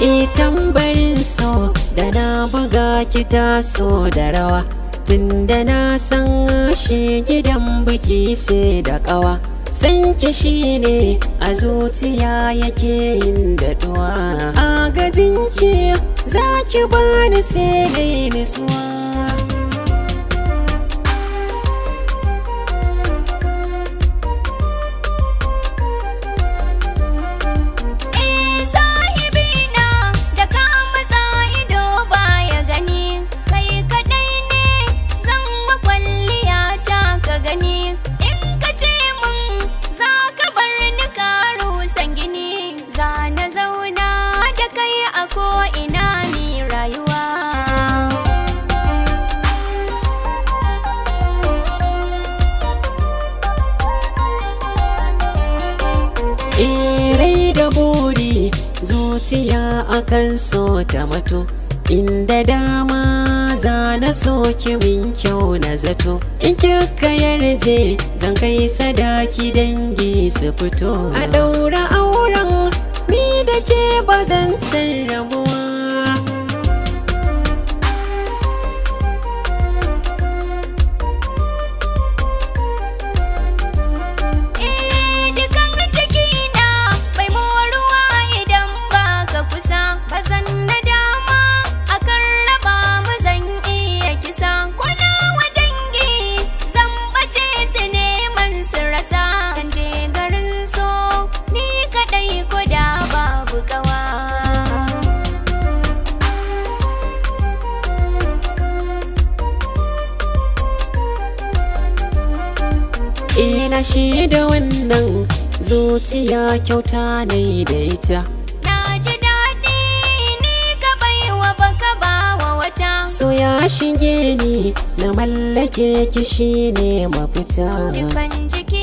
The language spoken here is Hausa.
itan e, barin so da na buga ki taso da rawa tunda na san shi gidan biki sai da kawa san ki ne a zuciya yake yin tuwa a ki za ki bani sai nisuwa zuciya kan so ta mato inda dama za na so ki min kyau na zato in kika yarje zan kai sadaki dangi su fito a daura auren mi da ke bazan rabuwa na shi da wannan zuciya kyauta ne da ita na ji daɗi ni ka baiwa baka bawa wata so ya shige ni na mallake ki shi ne mafita